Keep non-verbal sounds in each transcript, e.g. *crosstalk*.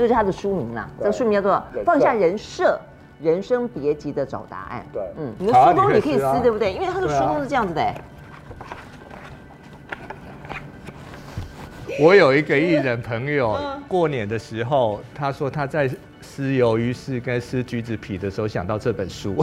這就是他的書名啦。這個書名叫做《放下人設，人生別急着找答案》。對，嗯，你的、啊、書中、啊、你可以撕，對不對？因為他的書都是這樣子的、欸啊。我有一個藝人朋友， *laughs* 過年的時候， *laughs* 嗯、他說他在撕魷魚，絲跟撕橘子皮的時候，想到這本書。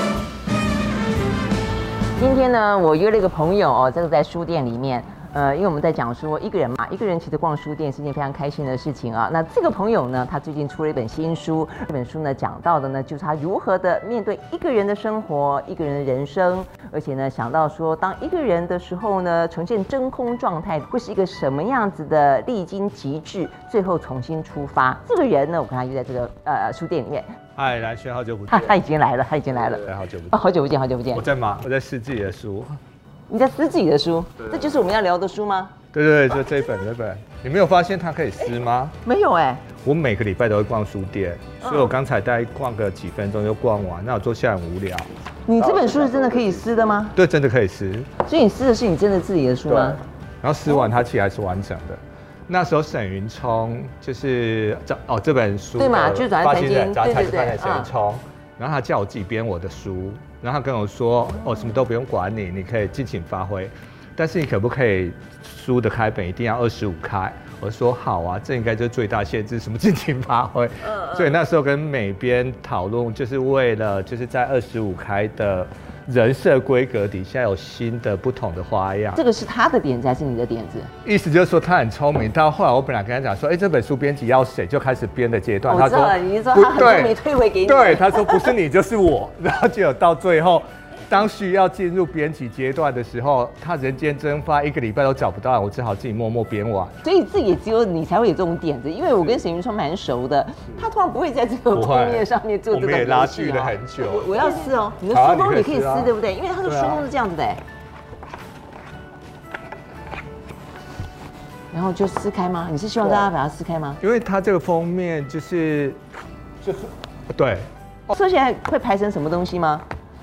*laughs* 今天呢，我約了一個朋友哦、喔，這個在書店裡面。呃，因為我們在講說一個人嘛，一個人其實逛書店是一件非常開心的事情啊。那這個朋友呢，他最近出了一本新書，這本書呢講到的呢，就是他如何的面對一個人的生活、一個人的人生，而且呢想到說，當一個人的時候呢，呈現真空狀態，會是一個什麼樣子的？歷經極致，最後重新出發。這個人呢，我跟他就在這個呃書店裡面。嗨，蘭萱，好久不見。見、啊。他已經來了，他已經來了。對對對好久不、哦。好久不見，好久不見。我在忙，我在撕自己的書。你在撕自己的書，這就是我們要聊的書嗎？對對，對就這本這本，你沒有發現它可以撕嗎？沒有哎、欸，我每個禮拜都會逛書店，哦、所以我剛才大概逛個幾分鐘就逛完，那我坐下很無聊。你這本書是真的可以撕的嗎？對，真的可以撕。所以你撕的是你真的自己的書嗎？然後撕完它其實還是完整的、哦。那時候沈雲驄就是這哦這本書對嘛，就是早安財經對對對沈雲驄。啊然後他叫我自己編我的書，然後他跟我說，哦，什麼都不用管你，你可以盡情發揮，但是你可不可以書的開本一定要二十五開？我說好啊，這應該就是最大限制，什麼盡情發揮呃呃。所以那時候跟美編討論，就是為了就是在二十五開的。人設規格底下有新的不同的花樣，這個是他的點子還是你的點子？意思就是說他很聰明，到後來我本來跟他講說，哎、欸，這本書編輯要誰就開始編的階段、哦，他說，你是說他很對，沒退回給你，對，他說不是你就是我， *laughs* 然後就有到最後。當時要進入編輯階段的時候，他人間蒸發，一個禮拜都找不到，我只好自己默默編完。所以自己只有你才會有這種點子，因為我跟沈云川蠻熟的，他通常不會在這個封面上面不做這個、啊。我們也拉鋸了很久了我，我要撕哦。喔，你的書封也可以撕，對不對？因為他的書封是這樣子的、欸對啊。然後就撕開嗎？你是希望大家把它撕開嗎？哦、因為它這個封面就是，就是，對。撕、哦、起來會排成什麼東西嗎？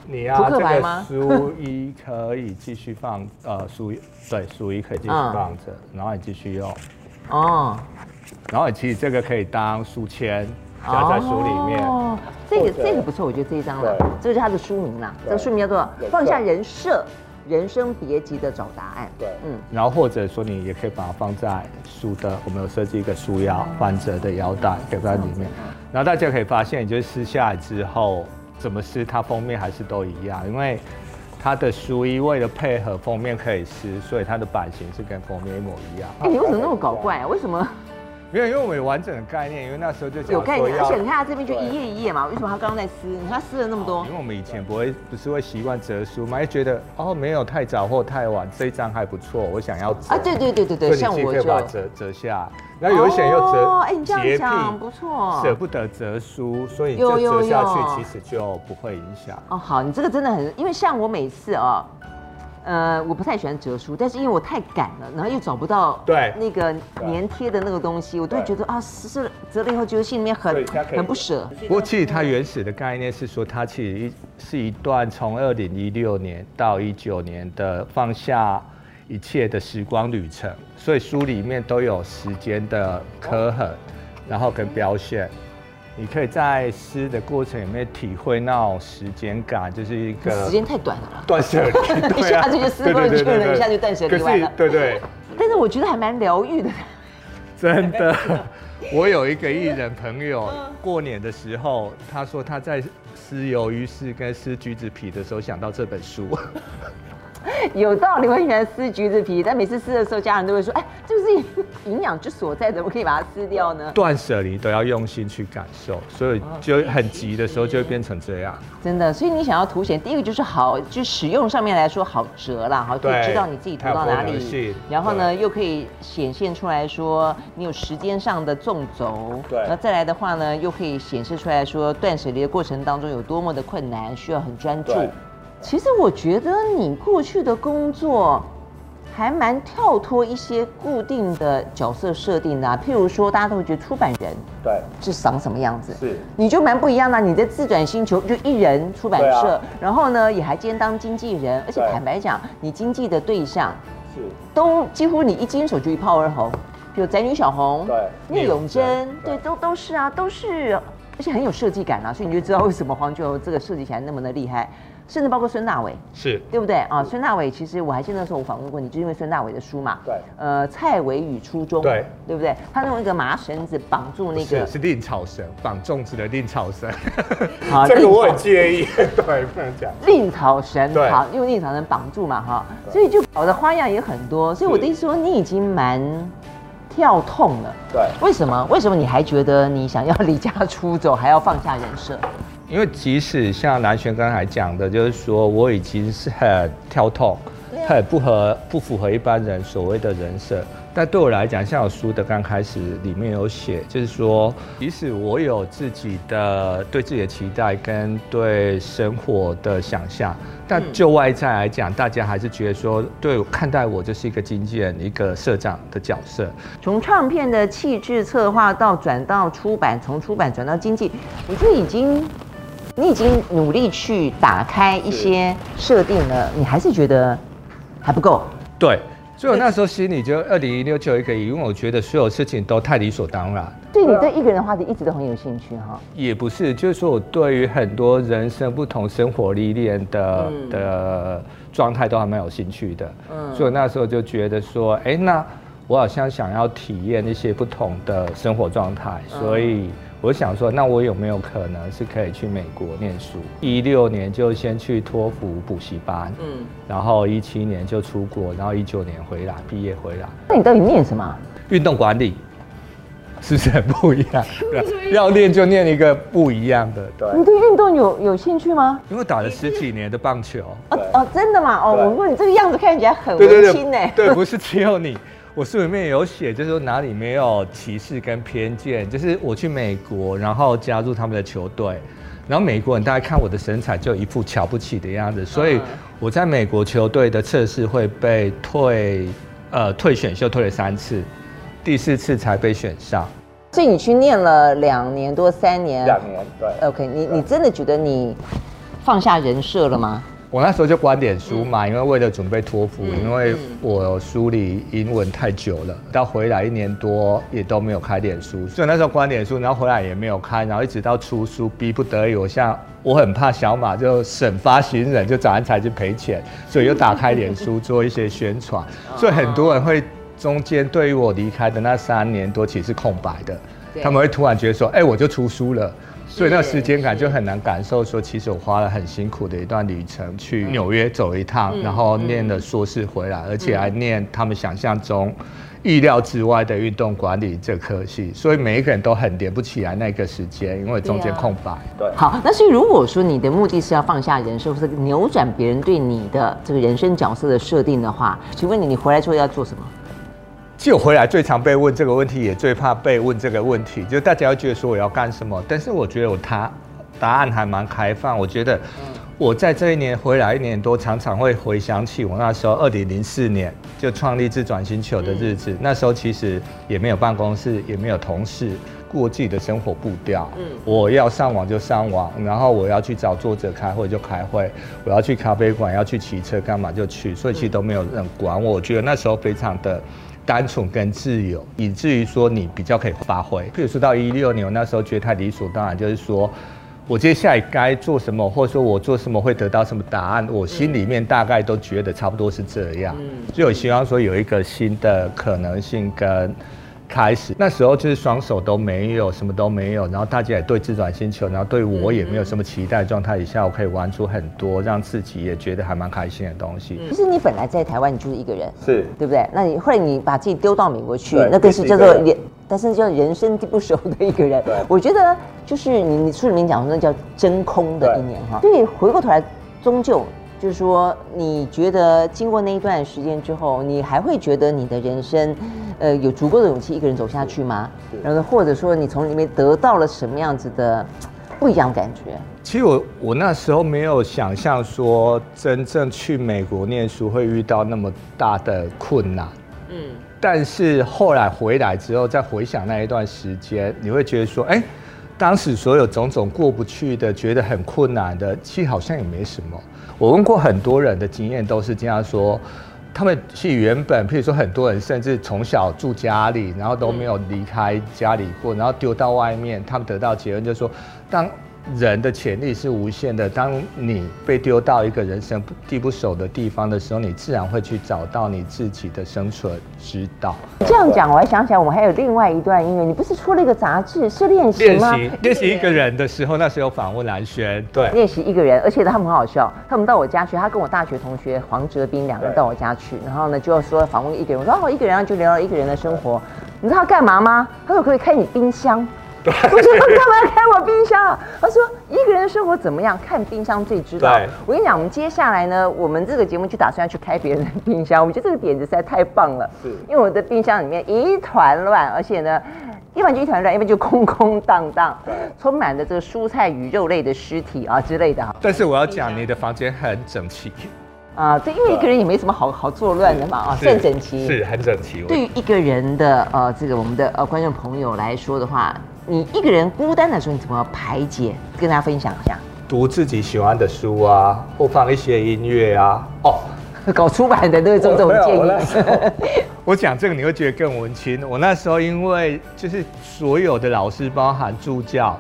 你要、啊、這個書衣可以繼續放， *laughs* 呃，書衣，對，書衣可以繼續放着，uh. 然後你繼續用。哦、oh.。然後，其實這個可以當書籤，夾在書裡面。Oh. 這個這個不錯，我覺得這一張了。Okay. 這是它的書名啦，這個、書名叫做《放下人設，人生別急著找答案》。對，嗯。然後或者說你也可以把它放在書的，我們有設計一個書腰、oh. 翻折的腰帶，可以在裡面。Oh. 然後大家可以發現，你就是撕下來之後。怎麼撕，它封面還是都一樣，因為它的書衣為了配合封面可以撕，所以它的版型是跟封面一模一樣。欸，你為什麼那麼搞怪啊？為什麼？沒有，因為我們有完整的概念，因為那時候就講有概念。而且你看他這邊就一頁一頁嘛，為什麼他剛剛在撕？你看他撕了那麼多。因為我們以前不會，不是會習慣折書嘛，還覺得哦沒有太早或太晚，這一張還不錯，我想要折。啊，對對對對對，像我這樣，可以把它折折下。然後有些人又折，哎、哦欸，你這樣想不錯，哦，捨不得折書，所以你就折下去有有有，其實就不會影響。哦，好，你這個真的很，因為像我每次哦。呃，我不太喜歡折書，但是因為我太趕了，然後又找不到對那個粘貼的那個東西，我都會覺得啊，是折了以後，覺得心裡面很很不捨。不過其實它原始的概念是說，它其實是一段從二零一六年到一九年的放下一切的時光旅程，所以書裡面都有時間的刻痕，哦、然後跟標線。你可以在撕的過程裡面體會到時間感，就是一個時間太短了，斷捨離，一、啊、 *laughs* 下子就撕光了，一一下就斷捨離了。對，對對。但是我覺得還蠻療癒的。真的， *laughs* 我有一個藝人朋友，過年的時候，他說他在撕魷魚絲跟撕橘子皮的時候想到這本書。 *laughs* *laughs* 有道理，我以前撕橘子皮，但每次撕的時候，家人都會說：“哎、欸，這不是營養之所在，怎麼可以把它撕掉呢？”斷捨離都要用心去感受，所以就很急的時候就會變成這樣。哦、真的。所以你想要凸顯，第一個就是好，就使用上面來說好折啦，好，對，知道你自己塗到哪裡。是，然後呢，又可以顯現出來說，你有時間上的縱軸。對。那再來的話呢，又可以顯示出來說，斷捨離的過程當中有多麼的困難，需要很專注。其實我覺得你過去的工作還蠻跳脫一些固定的角色設定的、啊，譬如說大家都覺得出版人對是長什麼樣子，是你就蠻不一樣的。你在自轉星球就一人出版社，啊、然後呢也還兼當經紀人，而且坦白講，你經紀的對象是都幾乎你一接手就一炮而紅，比如宅女小紅對聶永真對，對，對都都是啊都是啊。而且很有設計感啊，所以你就知道為什麼黃俊這個設計起來那麼的厲害，甚至包括孫大偉，是對不對啊？孫、哦、大偉其實我還記得那時候我訪問過你，就是、因為孫大偉的書嘛，對，呃，蔡維宇初中，對，對不對？他用一個麻繩子綁住那個是是令草繩綁粽子的令草繩，好 *laughs* 這個我很介意，對，不能講令草繩，對，因為令草繩綁住嘛哈、哦，所以就搞的花樣也很多，所以我的意思說你已經蠻。跳 tone 了，對，為什麼？為什麼你還覺得你想要離家出走，還要放下人設？因為即使像蘭萱剛才講的，就是說我已經是很跳 tone，很不合不符合一般人所謂的人設。但對我來講，像我書的剛開始裡面有寫，就是說，即使我有自己的對自己的期待跟對生活的想象，但就外在來講，嗯，大家還是覺得說，對我看待我就是一個經紀人、一個社長的角色。從唱片的氣質策劃到轉到出版，從出版轉到經紀，你就已經，你已經努力去打開一些設定了，你還是覺得還不夠。對。所以我那時候心裡就二零一六就一個億，因為我覺得所有事情都太理所當然。對你對一個人的話題一直都很有興趣哈、哦？也不是，就是說我對於很多人生不同生活歷練的的狀態都還蠻有興趣的。嗯，所以我那時候就覺得說，哎、欸，那我好像想要體驗一些不同的生活狀態，所以、嗯。我想說，那我有沒有可能是可以去美國念書？一六年就先去托福補習班，嗯，然後一七年就出國，然後一九年回來畢業回來。那你到底念什麼？運動管理是不是很不一樣？ *laughs* 要念就念一個不一樣的。對，你對運動有有興趣嗎？因為打了十幾年的棒球。哦哦，真的嗎？哦，我問你，這個樣子看起來很溫馨呢。對，不是只有你。 *laughs* 我書裡面有寫，就是說哪裡沒有歧視跟偏見，就是我去美國，然後加入他們的球隊，然後美國人大家看我的身材，就一副瞧不起的樣子，所以我在美國球隊的測試會被退，呃，退選秀退了三次，第四次才被選上。所以你去念了兩年多三年？兩年，對。OK，你你真的覺得你放下人設了嗎？我那時候就關臉書嘛、嗯，因為為了準備托福、嗯，因為我梳理英文太久了，到回來一年多也都沒有開臉書，所以那時候關臉書，然後回來也沒有開，然後一直到出書，逼不得已，我像我很怕小馬就審發行人就找人才去賠錢，所以又打開臉書做一些宣傳、嗯，所以很多人會中間對於我離開的那三年多其實是空白的，他們會突然覺得說，哎、欸，我就出書了。所以那時間感就很難感受，說其實我花了很辛苦的一段旅程去紐約走一趟，嗯、然後念了碩士回來、嗯，而且還念他們想象中、意料之外的運動管理這科系。所以每一個人都很連不起來那個時間，因為中間空白對、啊。對，好。那所以如果說你的目的是要放下人設，或是,是扭轉別人對你的這個人生角色的設定的話，請問你，你回來之後要做什麼？就回來最常被問這個問題，也最怕被問這個問題。就大家會覺得說我要幹什麼？但是我覺得我答答案還蠻開放。我覺得我在這一年回來一年多，常常會回想起我那時候二零零四年就創立自轉星球的日子。嗯。那時候其實也沒有辦公室，也沒有同事，過自己的生活步調。嗯，我要上網就上網，然後我要去找作者開會就開會，我要去咖啡館，要去騎車幹嘛就去，所以其實都沒有人管我。我覺得那時候非常的。單純跟自由，以至於說你比較可以發揮。譬如說到一六年，我那時候覺得太理所當然，就是說我接下來該做什麼，或者說我做什麼會得到什麼答案，我心裡面大概都覺得差不多是這樣。嗯，所以我希望說有一個新的可能性跟。開始那時候就是雙手都沒有，什麼都沒有，然後大家也對自轉星球，然後對我也沒有什麼期待的狀態以下，我可以玩出很多讓自己也覺得還蠻開心的東西。其、嗯、實、就是、你本來在台灣，你就是一個人，是對不對？那你後來你把自己丟到美國去，那個是叫做，但是叫人生地不熟的一個人。我覺得就是你，你書裡面講說那叫真空的一年哈。對，所以回過頭來，終究。就是說，你覺得經過那一段時間之後，你還會覺得你的人生，呃，有足夠的勇氣一個人走下去嗎？然後或者說，你從裡面得到了什麼樣子的不一樣感覺？其實我我那時候沒有想象說，真正去美國念書會遇到那麼大的困難。嗯，但是後來回來之後，再回想那一段時間，你會覺得說，哎。當時所有種種過不去的，覺得很困難的，其實好像也沒什麼。我問過很多人的經驗，都是這樣說，他們其實原本，譬如說很多人甚至從小住家裡，然後都沒有離開家裡過，然後丟到外面，他們得到的結論就是說，當。人的潛力是無限的。當你被丟到一個人生地不熟的地方的時候，你自然會去找到你自己的生存之道。這樣講，我還想起來，我們還有另外一段音樂。你不是出了一個雜誌，是練習嗎？練習練習一個人的時候，那時候訪問蘭萱。對。練習一個人，而且他們很好笑。他們到我家去，他跟我大學同學黃哲斌兩個到我家去，然後呢就說訪問一個人，我說哦一個人，然後就聊到一個人的生活。你知道他幹嘛嗎？他說可以開你冰箱。 *laughs* 我說幹嘛開我冰箱啊？他說一個人的生活怎麼樣，看冰箱最知道。對，我跟你講，我們接下來呢，我們這個節目就打算要去開別人的冰箱。我覺得這個點子實在太棒了。是因為我的冰箱裡面一團亂，而且呢，一般就一團亂，一般就空空蕩蕩，充滿了這個蔬菜與肉類的屍體啊之類的。但是我要講，你的房間很整齊。啊、呃，這因為一個人也沒什麼好好作亂的嘛啊，算整齊，是，是，很整齊。對於一個人的呃，這個我們的呃觀眾朋友來說的話。你一個人孤單的時候，你怎麼排解？跟大家分享一下。讀自己喜歡的書啊，或放一些音樂啊。哦， *laughs* 搞出版的都會做這種建議。我講 *laughs* 這個你會覺得更文青。我那時候因為就是所有的老師，包含助教。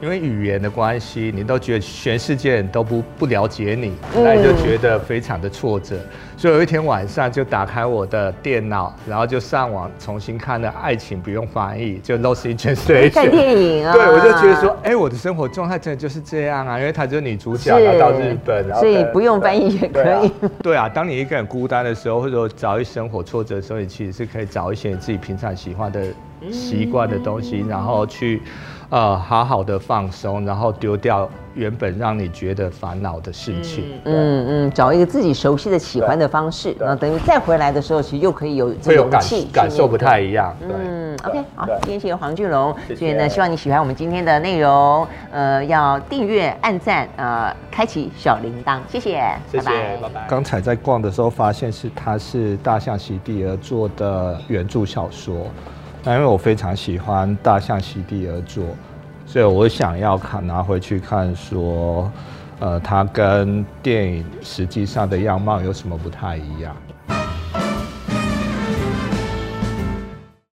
因為語言的關係，你都覺得全世界人都不不了解你，那你就覺得非常的挫折、嗯。所以有一天晚上就打開我的電腦，然後就上網重新看了《愛情不用翻譯》，就《Lost in Translation》。看電影啊！對，我就覺得說，哎、欸，我的生活狀態真的就是這樣啊，因為它就是女主角，然後到日本，然後，所以不用翻譯也可以對、啊。對啊，當你一個人孤單的時候，或者說遭遇生活挫折的時候，你其實是可以找一些你自己平常喜歡的。習慣的東西，然後去，呃，好好的放鬆，然後丟掉原本讓你覺得煩惱的事情。嗯嗯，嗯，找一個自己熟悉的、喜歡的方式，然後等於再回來的時候，其實又可以有這氣。感受不太一樣。對對嗯對，OK，好，今天謝謝黃俊隆謝謝。所以呢謝謝，希望你喜歡我們今天的內容。呃，要訂閱、按讚呃，開啟小鈴鐺。謝謝，謝，謝拜拜。剛才在逛的時候發現是，他是大象席地而坐的原著小說。但因為我非常喜歡大象席地而坐，所以我想要看，拿回去看，說，呃，它跟電影實際上的樣貌有什麼不太一樣。